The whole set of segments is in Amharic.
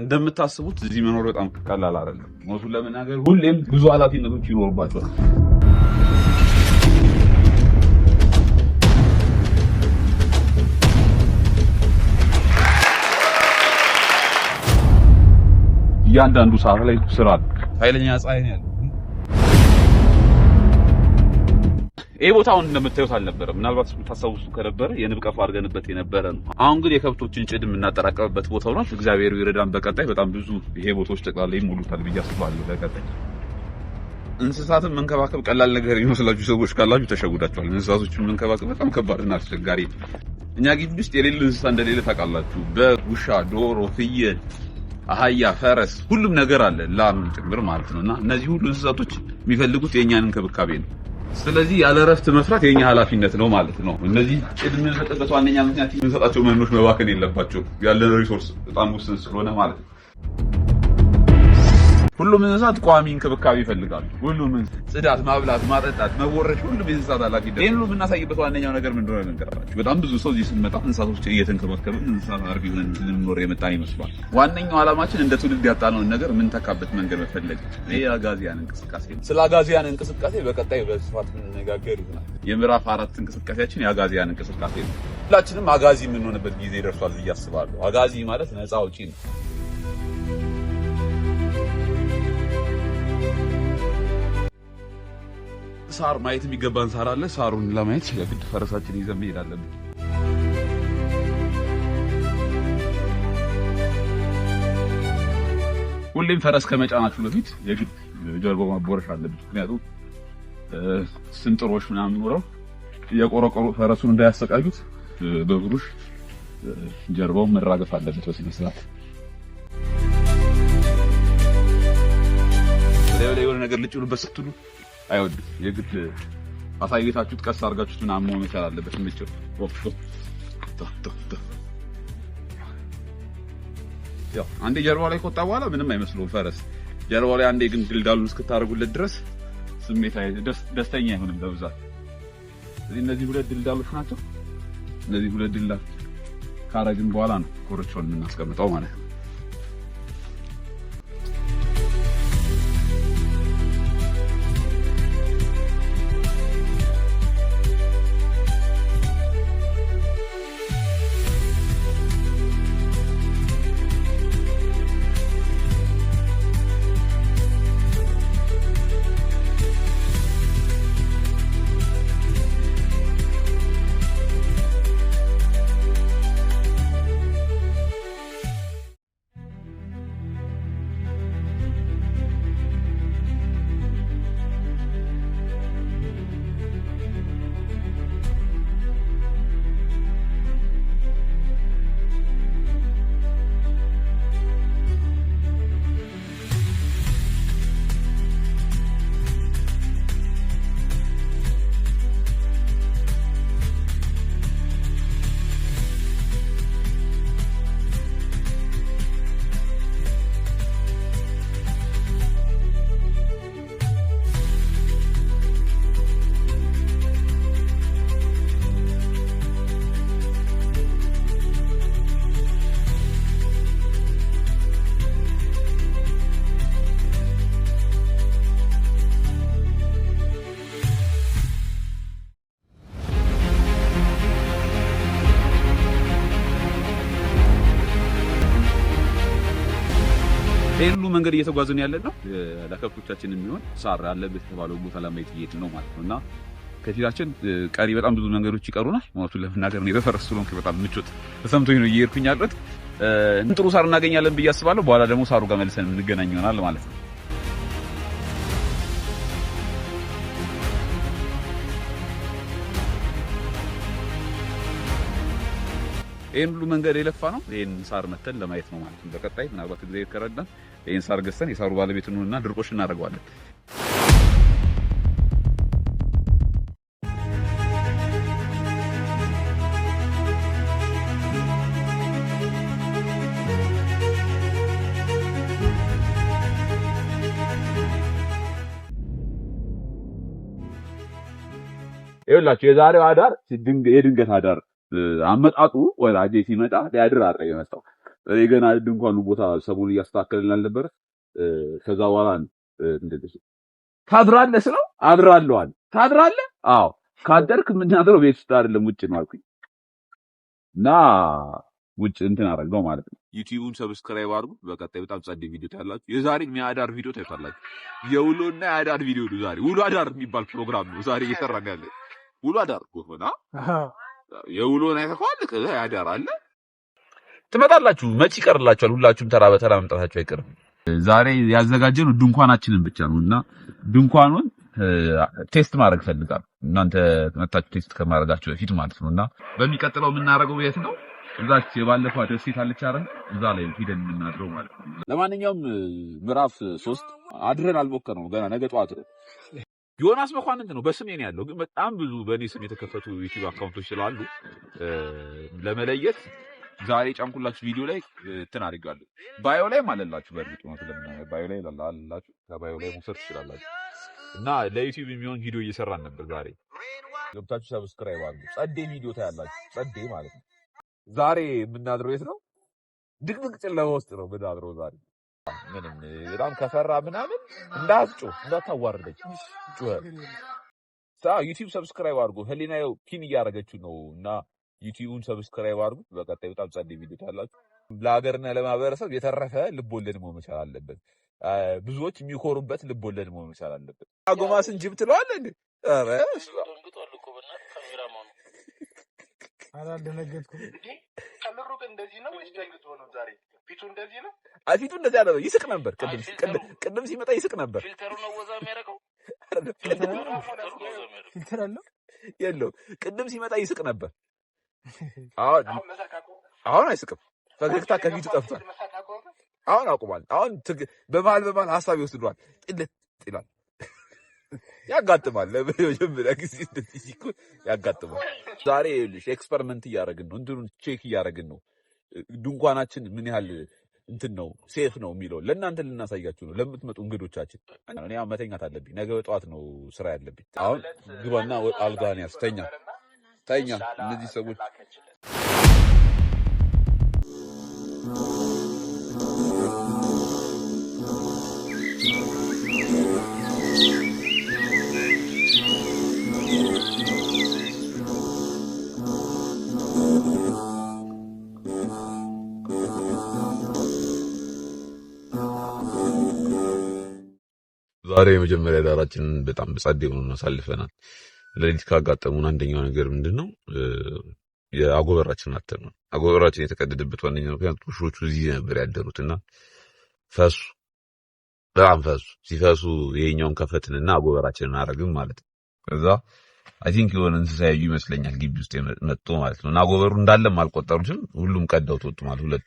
እንደምታስቡት እዚህ መኖር በጣም ቀላል አይደለም። ሞቱን ለመናገር ሁሌም ብዙ ኃላፊነቶች ይኖርባቸዋል። እያንዳንዱ ሰዓት ላይ ስራ ኃይለኛ ፀሐይ ነው ያለው ይሄ ቦታ አሁን እንደምታዩት አልነበረም። ምናልባት ታስታውሱ ከነበረ የንብ ቀፎ አድርገንበት የነበረ ነው። አሁን ግን የከብቶችን ጭድ የምናጠራቀምበት ቦታ ሆኗል። እግዚአብሔር ይረዳን። በቀጣይ በጣም ብዙ ይሄ ቦታዎች ጠቅላላ ይሞሉታል ብዬ አስባለሁ። በቀጣይ እንስሳትን መንከባከብ ቀላል ነገር ይመስላችሁ ሰዎች ካላችሁ ተሸጉዳችኋል። እንስሳቶችን መንከባከብ በጣም ከባድና አስቸጋሪ ነው። እኛ ግቢ ውስጥ የሌለ እንስሳ እንደሌለ ታውቃላችሁ። በግ፣ ውሻ፣ ዶሮ፣ ፍየል፣ አህያ፣ ፈረስ ሁሉም ነገር አለ፣ ላም ጭምር ማለት ነው። እና እነዚህ ሁሉ እንስሳቶች የሚፈልጉት የእኛን እንክብካቤ ነው። ስለዚህ ያለ እረፍት መስራት የኛ ኃላፊነት ነው ማለት ነው። እነዚህ ጭድ የምንሰጥበት ዋነኛ ምክንያት የምንሰጣቸው መኖች መባከን የለባቸው ያለን ሪሶርስ በጣም ውስን ስለሆነ ማለት ነው። ሁሉም እንስሳት ቋሚ እንክብካቤ ይፈልጋሉ። ሁሉም ጽዳት፣ ማብላት፣ ማጠጣት፣ መወረሽ፣ ሁሉም የእንስሳት ኃላፊነት። ይህን ሁሉ የምናሳይበት ዋነኛው ነገር ምን እንደሆነ ልንገራችሁ። በጣም ብዙ ሰው እዚህ ስንመጣ እንስሳቶች እየተንከባከብን እንስሳት አርቢ ሆነን ልንኖር የመጣን ይመስሏል። ዋነኛው ዓላማችን እንደ ትውልድ ያጣነውን ነገር የምንተካበት መንገድ መፈለግ። ይህ አጋዚያን እንቅስቃሴ ነው። ስለ አጋዚያን እንቅስቃሴ በቀጣይ በስፋት የምንነጋገር ይሆናል። የምዕራፍ አራት እንቅስቃሴያችን የአጋዚያን እንቅስቃሴ ነው። ሁላችንም አጋዚ የምንሆንበት ጊዜ ደርሷል ብዬ አስባለሁ። አጋዚ ማለት ነፃ አውጪ ነው። ሳር ማየት የሚገባን ሳር አለ። ሳሩን ለማየት የግድ ፈረሳችን ይዘን መሄድ አለብን። ሁሌም ፈረስ ከመጫናችሁ በፊት የግድ ጀርባው ማቦረሽ አለበት። ምክንያቱም ስንጥሮች ምናምን ኖረው እየቆረቆሩ ፈረሱን እንዳያሰቃዩት በብሩሽ ጀርባው መራገፍ አለበት በስነ ስርዓት። የሆነ ነገር ልጭሉበት ስትሉ አይወድም። የግድ አሳይታችሁት ቀስ አድርጋችሁት ምናምን መሆን መቻል አለበት። ምጭር አንዴ ጀርባ ላይ ከወጣ በኋላ ምንም አይመስለውም ፈረስ። ጀርባ ላይ አንዴ ግን ድልዳሉን እስክታደርጉለት ድረስ ስሜት ደስተኛ አይሆንም በብዛት። ስለዚህ እነዚህ ሁለት ድልዳሎች ናቸው። እነዚህ ሁለት ድልዳሎች ካረግን በኋላ ነው ኮርቻውን የምናስቀምጠው ማለት ነው። ይህ ሁሉ መንገድ እየተጓዝን ያለ ነው። ለከብቶቻችን የሚሆን ሳር አለበት የተባለው ቦታ ለማየት እየሄድን ነው ማለት ነው እና ከፊታችን ቀሪ በጣም ብዙ መንገዶች ይቀሩናል። እውነቱን ለመናገር ነው የተፈረሱ ስለሆንኩ በጣም ምቾት ተሰምቶኝ ነው እየሄድኩኝ ያለሁት። ጥሩ ሳር እናገኛለን ብዬ አስባለሁ። በኋላ ደግሞ ሳሩ ጋር መልሰን የምንገናኝ ይሆናል ማለት ነው። ይህን ሁሉ መንገድ የለፋ ነው ይህን ሳር መተን ለማየት ነው ማለት ነው። በቀጣይ ምናልባት ጊዜ ከረዳን ይህን ሳር ገዝተን የሳሩ ባለቤት እንሆንና ድርቆሽ እናደርገዋለን። ይኸውላችሁ የዛሬው አዳር የድንገት አዳር አመጣጡ ወዳጄ ሲመጣ ሊያድር አድረ የመጣው እኔ ገና ድንኳኑ ቦታ ሰሞኑን እያስተካከልን አልነበረ። ከዛ በኋላ ታድራለህ ስለው አድራለሁ አለ። ታድራለህ? አዎ። ካደርክ የምናድረው ቤት ውስጥ አይደለም ውጭ ነው አልኩኝ እና ውጭ እንትን አደረገው ማለት ነው። ዩቲዩቡን ሰብስክራይብ አድርጉ። በቀጣይ በጣም ጸድ ቪዲዮ ታያላችሁ። የዛሬ የአዳር ቪዲዮ ታዩታላችሁ። የውሎና የአዳር ቪዲዮ ነው። ዛሬ ውሎ አዳር የሚባል ፕሮግራም ነው ዛሬ እየሰራን ያለ ውሎ አዳር ሆና የውሎን አይተኸዋል? ያዳር አለ ትመጣላችሁ። መቼ ይቀርላችኋል? ሁላችሁም ተራ በተራ መምጣታችሁ አይቀርም። ዛሬ ያዘጋጀነው ድንኳናችንን ብቻ ነው እና ድንኳኑን ቴስት ማድረግ ፈልጋል። እናንተ መታችሁ ቴስት ከማድረጋችሁ በፊት ማለት ነው። እና በሚቀጥለው የምናደርገው የት ነው? እዛች የባለፈው ደሴት አለች አይደል? እዛ ላይ ሂደን የምናድረው ማለት ነው። ለማንኛውም ምዕራፍ ሶስት አድረን አልሞከርነው ገና ነገ ጠዋት ነው። ዮናስ መኳንንት ነው በስሜ ነው ያለው። ግን በጣም ብዙ በእኔ ስም የተከፈቱ ዩቲዩብ አካውንቶች ስላሉ ለመለየት ዛሬ ጫንኩላችሁ ቪዲዮ ላይ እንትን አድርጋለሁ። ባዮ ላይ አለላችሁ። በእርግጥ ነው ስለምናየ ባዮ ላይ አለላችሁ። ከባዮ ላይ መውሰድ ትችላላችሁ። እና ለዩቲዩብ የሚሆን ቪዲዮ እየሰራን ነበር። ዛሬ ገብታችሁ ሰብስክራይብ አሉ። ጸዴ ቪዲዮ ታያላችሁ። ጸዴ ማለት ነው። ዛሬ የምናድረው የት ነው? ድቅድቅ ጭለማ ውስጥ ነው ምናድረው ዛሬ ምንም በጣም ከፈራ ምናምን እንዳትጮ እንዳታዋርደች ጩኸ ዩቲዩብ ሰብስክራይብ አድርጉ። ህሊና ኪን እያደረገችው ነው እና ዩቲዩብን ሰብስክራይብ አድርጉ። በቀጣይ በጣም ጸድ ቪዲዮ ታላችሁ። ለሀገርና ለማህበረሰብ የተረፈ ልቦለድ መሆን መቻል አለበት። ብዙዎች የሚኮሩበት ልቦለድ መሆን መቻል አለበት። አጎማስን ጅብ ትለዋል እንዴ? ኧረ አላልደነገጥኩም ምሩቅ እንደዚህ ነው ወይስ ገልጥ ሆኖ ዛሬ ፊቱ እንደዚህ ነው? አይ ፊቱ እንደዚህ አለ። ይስቅ ነበር ቅድም ቅድም ሲመጣ ይስቅ ነበር። ፊልተሩ ነው ወዛ የሚያደርገው ፊልተር አለው የለውም። ቅድም ሲመጣ ይስቅ ነበር። አሁን አሁን አይስቅም። ፈገግታ ከፊቱ ጠፍቷል። አሁን አቁሟል። አሁን በመሀል በመሀል ሀሳብ ይወስደዋል። ጥልት ይላል። ያጋጥማል። ለመጀመሪያ ጊዜ እንደዚህ ሲሆን ያጋጥማል። ዛሬ ይኸውልሽ ኤክስፐሪመንት እያደረግን ነው፣ እንትኑን ቼክ እያደረግን ነው። ድንኳናችን ምን ያህል እንትን ነው ሴፍ ነው የሚለው ለእናንተ ልናሳያችሁ ነው፣ ለምትመጡ እንግዶቻችን። እኔ ያው መተኛት አለብኝ፣ ነገ በጠዋት ነው ስራ ያለብኝ። አሁን ግባና አልጋን ያዝ፣ ተኛ ተኛ። እነዚህ ሰዎች ዛሬ የመጀመሪያ ዳራችንን በጣም ጸጥ ሆኖ አሳልፈናል። ለሊት ካጋጠሙን አንደኛው ነገር ምንድን ነው? የአጎበራችን አተር ነው። አጎበራችን የተቀደደበት ዋነኛው ምክንያት ውሾቹ እዚህ ነበር ያደሩት እና ፈሱ፣ በጣም ፈሱ። ሲፈሱ ይሄኛውን ከፈትንና አጎበራችንን አረግም ማለት ነው። ከዛ አይ ቲንክ የሆነ እንስሳ ያዩ ይመስለኛል ግቢ ውስጥ መጡ ማለት ነው። እና አጎበሩ እንዳለም አልቆጠሩትም። ሁሉም ቀዳው ተወጡ ማለት ሁለቱ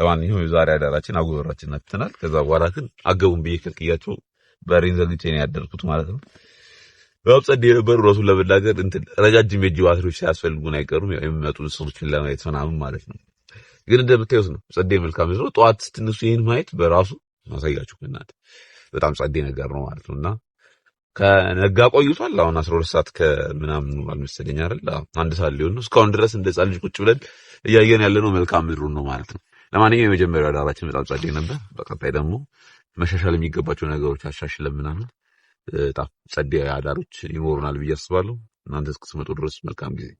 ለማንኛውም የዛሬ አዳራችን አጎበራችን አትተናል። ከዛ በኋላ ግን አገቡን ብዬ ከልክያቸው በሬን ዘግቼ ነው ያደርኩት ማለት ነው። በጣም ጸድ የነበሩ እውነቱን ለመናገር ረጃጅም የእጅ ባትሪዎች ሳያስፈልጉን አይቀሩም የሚመጡ ስሮችን ለማየት ምናምን ማለት ነው። ግን እንደምታዩት ነው ጸዴ መልካም ነው። ጠዋት ስትነሱ ይህን ማየት በራሱ ማሳያችሁ ናት። በጣም ጸዴ ነገር ነው ማለት ነው። እና ከነጋ ቆይቷል። አሁን አስራ ሁለት ሰዓት ከምናምን አልመሰለኝ አይደል አንድ ሰዓት ሊሆን ነው። እስካሁን ድረስ እንደ ልጅ ቁጭ ብለን እያየን ያለነው መልካም ምድሩን ነው ማለት ነው። ለማንኛውም የመጀመሪያው ዳራችን በጣም ጸዴ ነበር። በቀጣይ ደግሞ መሻሻል የሚገባቸው ነገሮች አሻሽለን ምናምን ጸዴ አዳሮች ይኖሩናል ብዬ አስባለሁ። እናንተ እስክትመጡ ድረስ መልካም ጊዜ